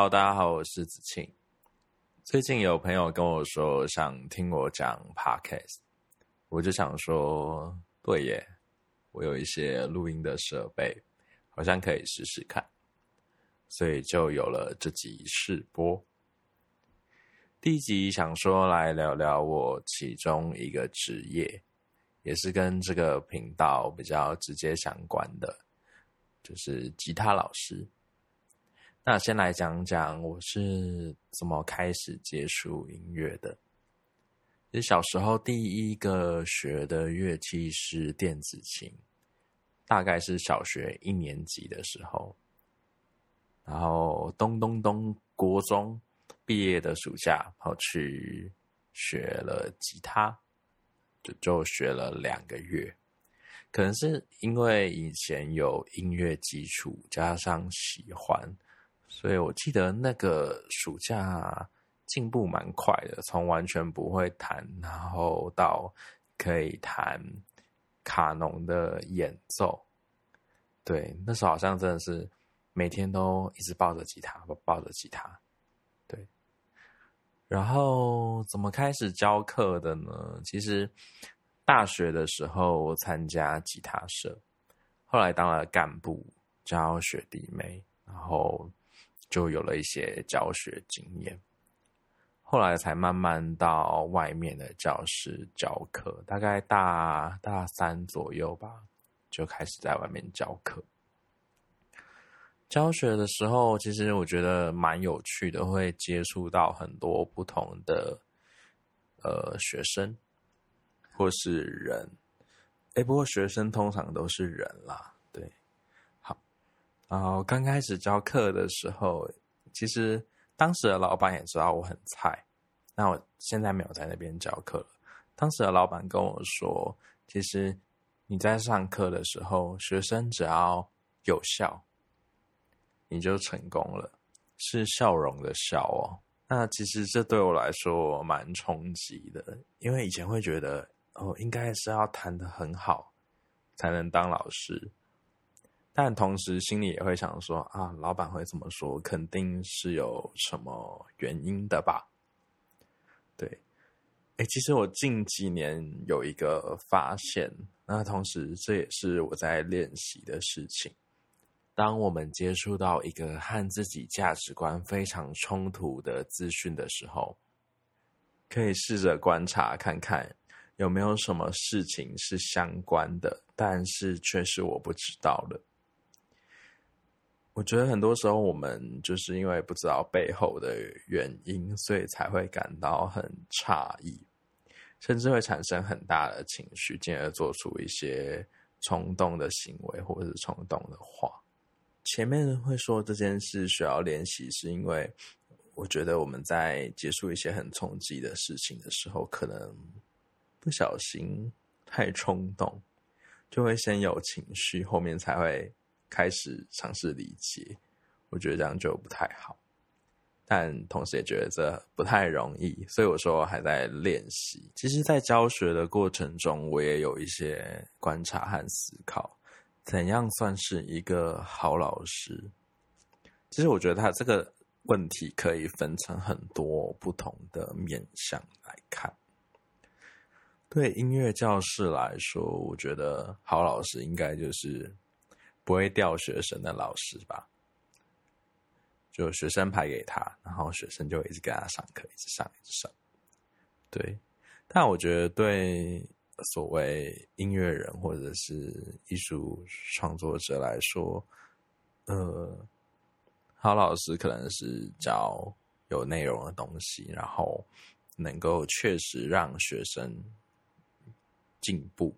哈囉，大家好，我是子慶。最近有朋友跟我說想聽我講 podcast，我就想說，對耶，我有一些錄音的設備，好像可以試試看，所以就有了這集試播。第一集想說來聊聊我其中一個職業，也是跟這個頻道比較直接相關的，就是吉他老師。那先來講講我是怎麼開始接觸音樂的。小時候第一個學的樂器是電子琴，大概是小學一年級的時候。然後咚咚咚，國中畢業的暑假跑去學了吉他，就就學了兩個月。可能是因為以前有音樂基礎，加上喜歡。所以，我記得那個暑假進步蠻快的，從完全不會彈，然後到可以彈卡農的演奏。對，那時候好像真的是每天都一直抱着吉他，抱着吉他。對。然後怎麼開始教課的呢？其實大學的時候我參加吉他社，後來當了幹部，教學弟妹，然後。就有了一些教學經驗，後來才慢慢到外面的教室教課。大概大，大大三左右吧，就開始在外面教課。教學的時候，其實我覺得蠻有趣的，會接觸到很多不同的呃學生或是人。誒、欸，不過學生通常都是人啦。啊，剛、哦、開始教課的時候，其實當時的老闆也知道我很菜。那我現在沒有在那邊教課了。當時的老闆跟我說：“其實你在上課的時候，學生只要有笑，你就成功了，是笑容的笑哦。”那其實這對我來說蠻衝擊的，因為以前會覺得哦，應該是要彈得很好才能當老師。但同時，心裡也會想說：“啊，老闆會這麼說，肯定是有什麼原因的吧？”對，哎、欸，其實我近幾年有一個發現，那同時這也是我在練習的事情。當我們接觸到一個和自己價值觀非常衝突的資訊的時候，可以試着觀察看看有沒有什麼事情是相關的，但是卻是我不知道的。我覺得很多時候，我們就是因為不知道背後的原因，所以才會感到很詫異，甚至會產生很大的情緒，進而做出一些衝動的行為或者是衝動的話。前面會說這件事需要練習，是因為我覺得我們在結束一些很衝擊的事情的時候，可能不小心太衝動，就會先有情緒，後面才會。開始嘗試理解，我覺得這樣就不太好，但同時也覺得這不太容易，所以我說還在練習。其實，在教學的過程中，我也有一些觀察和思考：怎樣算是一個好老師？其實，我覺得他這個問題可以分成很多不同的面向來看。對音樂教室來說，我覺得好老師應該就是。不會掉學生的老師吧？就學生排給他，然後學生就一直給他上課，一直上，一直上。對，但我覺得對所謂音樂人或者是藝術創作者來說，呃，好老師可能是教有內容的東西，然後能夠確實讓學生進步。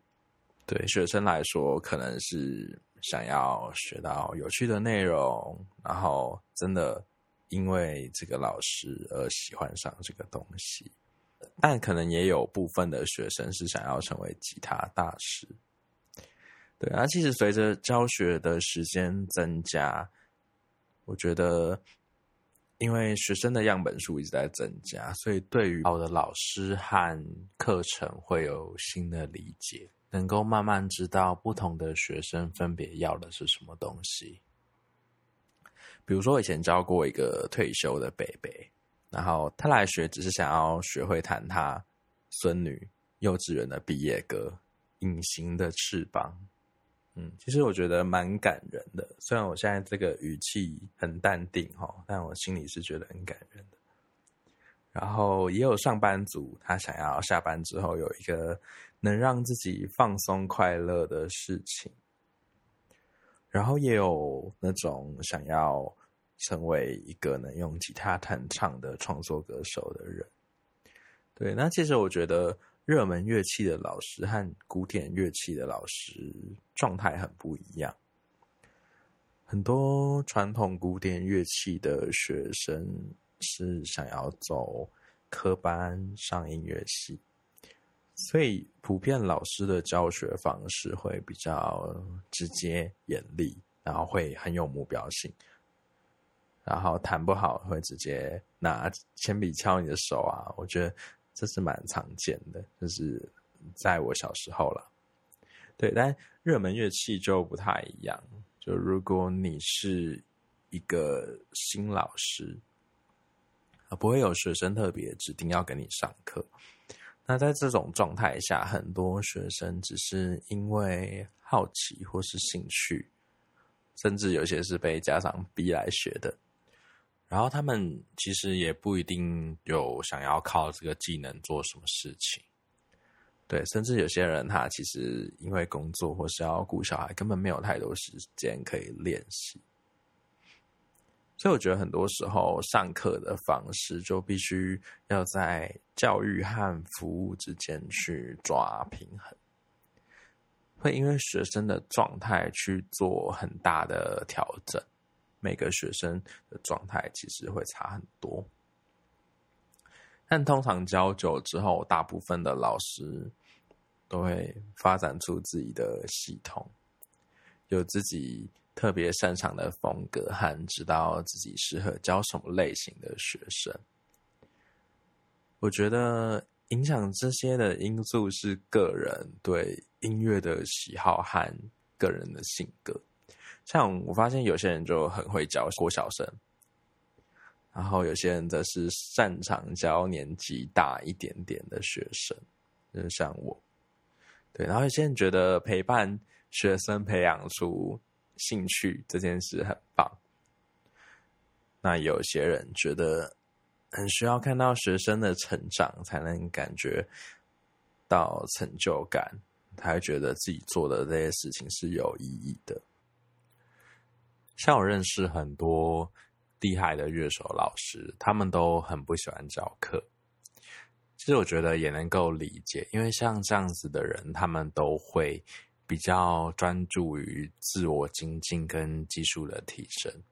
對學生來說，可能是。想要學到有趣的內容，然後真的因為這個老師而喜歡上這個東西，但可能也有部分的學生是想要成為吉他大師。對啊，其實隨着教學的時間增加，我覺得因為學生的樣本數一直在增加，所以對於好的老師和課程會有新的理解。能夠慢慢知道不同的學生分別要的是什麼東西。比如說，我以前教過一個退休的伯伯，然後他來學只是想要學會彈他孫女幼稚園的畢業歌《隱形的翅膀》。嗯，其實我覺得蠻感人的。雖然我現在這個語氣很淡定哈，但我心裡是覺得很感人的。然後也有上班族，他想要下班之後有一個。能讓自己放鬆快樂的事情，然後也有那種想要成為一個能用吉他彈唱的創作歌手的人。對，那其實我覺得熱門樂器的老師和古典樂器的老師狀態很不一樣。很多傳統古典樂器的學生是想要走科班，上音樂系。所以，普遍老師的教學方式會比較直接嚴厲，然後會很有目標性。然後彈不好，會直接拿鉛筆敲你的手啊！我覺得這是蠻常見的，就是在我小時候了。對，但熱門樂器就不太一樣。就如果你是一個新老師，不會有學生特別指定要跟你上課。那在這種狀態下，很多學生只是因為好奇或是興趣，甚至有些是被家長逼來學的。然後他們其實也不一定有想要靠這個技能做什麼事情。對，甚至有些人他其實因為工作或是要顧小孩，根本沒有太多時間可以練習。所以我覺得很多時候上課的方式就必須要在教育和服務之間去抓平衡，會因為學生的狀態去做很大的調整。每個學生的狀態其實會差很多，但通常教久之後，大部分的老師都會發展出自己的系統，有自己。特別擅長的風格，和知道自己適合教什麼類型的學生，我覺得影響這些的因素是個人對音樂的喜好和個人的性格。像我發現有些人就很會教國小生，然後有些人則是擅長教年紀大一點點的學生，就是、像我。對，然後有些人覺得陪伴學生培養出。興趣這件事很棒。那有些人覺得很需要看到學生的成長，才能感覺到成就感，才覺得自己做的這些事情是有意義的。像我認識很多厲害的樂手老師，他們都很不喜歡教課。其實我覺得也能夠理解，因為像這樣子的人，他們都會。比較專注於自我精進跟技術的提升，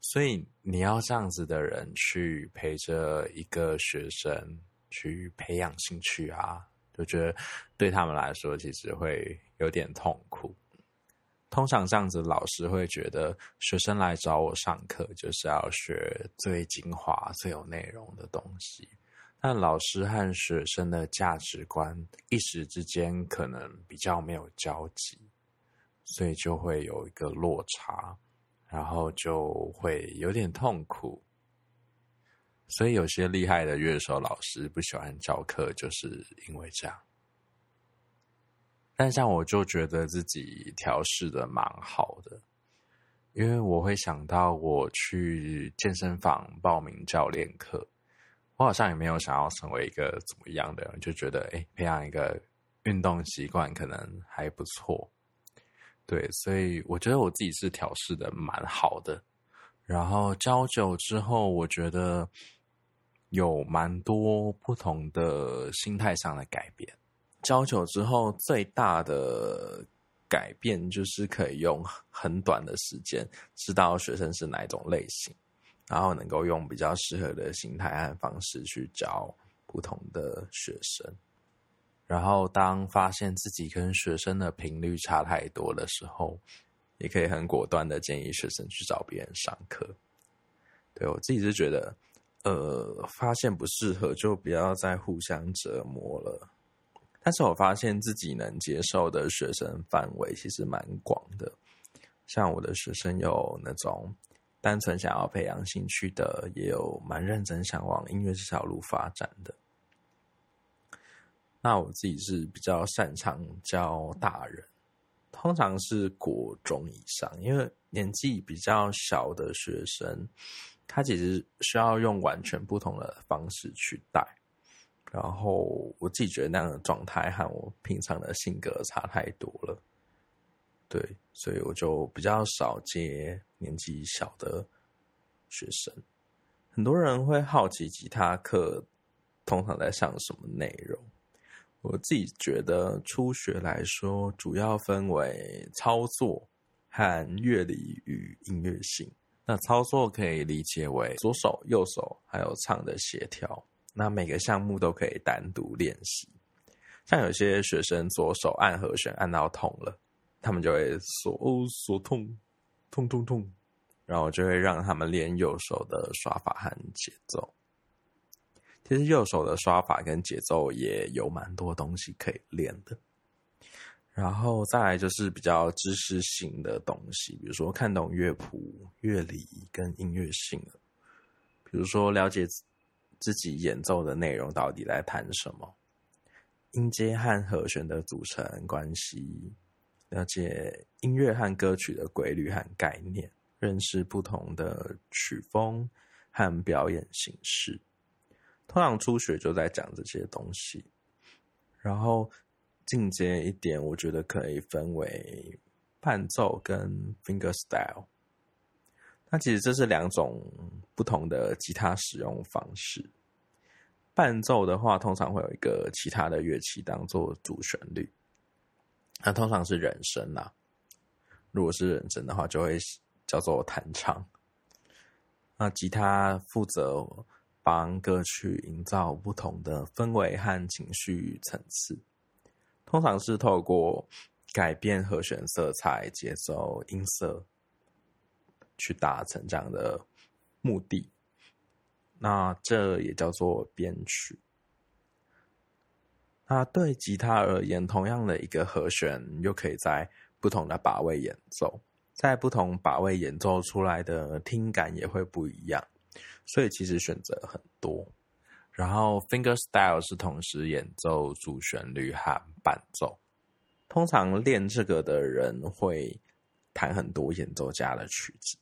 所以你要這樣子的人去陪着一個學生去培養興趣啊，就覺得對他們來說其實會有點痛苦。通常這樣子老師會覺得，學生來找我上課就是要學最精華、最有內容的東西。但老師和學生的價值觀一時之間可能比較沒有交集，所以就會有一個落差，然後就會有點痛苦。所以有些厲害的樂手老師不喜歡教課，就是因為這樣。但像我就覺得自己調適的蠻好的，因為我會想到我去健身房報名教練課。我好像也沒有想要成為一個怎麼樣的人，就覺得誒，培養一個運動習慣可能還不錯。對，所以我覺得我自己是調適得蠻好的。然後教久之後，我覺得有蠻多不同的心態上的改變。教久之後最大的改變就是可以用很短的時間知道學生是哪一種類型。然後能夠用比較適合的心態和方式去教不同的學生，然後當發現自己跟學生的頻率差太多的時候，也可以很果斷的建議學生去找別人上課。對我自己是覺得，呃，發現不適合就不要再互相折磨了。但是我發現自己能接受的學生範圍其實蠻廣的，像我的學生有那種。單純想要培養興趣的，也有蠻認真想往音樂這條路發展的。那我自己是比較擅長教大人，通常是國中以上，因為年紀比較小的學生，他其實需要用完全不同的方式去帶。然後我自己覺得那樣的狀態和我平常的性格差太多了。對，所以我就比較少接年紀小的學生。很多人會好奇吉他課通常在上什麼內容。我自己覺得初學來說，主要分為操作和樂理與音樂性。那操作可以理解為左手、右手還有唱的協調。那每個項目都可以單獨練習。像有些學生左手按和弦按到痛了。他們就會手手、哦、痛，痛痛痛，然後就會讓他們練右手的刷法和節奏。其實右手的刷法跟節奏也有蠻多東西可以練的。然後再來就是比較知識性的東西，比如說看懂樂譜、樂理跟音樂性，比如說了解自己演奏的內容到底在彈什麼，音階和和弦的組成關係。了解音樂和歌曲的規律和概念，認識不同的曲風和表演形式。通常初學就在講這些東西，然後進階一點，我覺得可以分為伴奏跟 finger style。那其實這是兩種不同的吉他使用方式。伴奏的話，通常會有一個其他的樂器當做主旋律。那通常是人聲啦、啊，如果是人聲的話，就會叫做彈唱。那吉他負責幫歌曲營造不同的氛圍和情緒層次，通常是透過改變和弦色彩、節奏音色，去達成這樣的目的。那這也叫做編曲。啊，對吉他而言，同樣的一個和弦，又可以在不同的把位演奏，在不同把位演奏出來的聽感也會不一樣，所以其實選擇很多。然後 finger style 是同時演奏主旋律和伴奏，通常練這個的人會彈很多演奏家的曲子。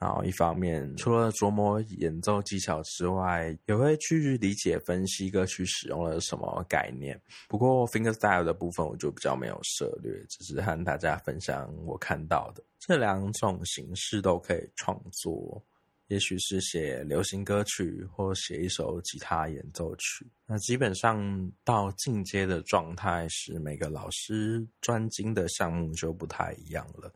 然後一方面，除了琢磨演奏技巧之外，也會去理解分析歌曲使用了什麼概念。不過，fingerstyle 的部分我就比較沒有涉獵，只是和大家分享我看到的。這兩種形式都可以創作，也許是寫流行歌曲，或寫一首吉他演奏曲。那基本上到進階的狀態時，每個老師專精的項目就不太一樣了。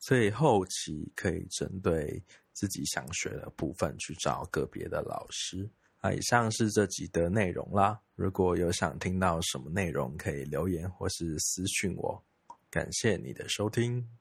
所以後期可以針對自己想學的部分去找個別的老師。啊，以上是這集的內容啦。如果有想聽到什麼內容，可以留言或是私訊我。感謝你的收聽。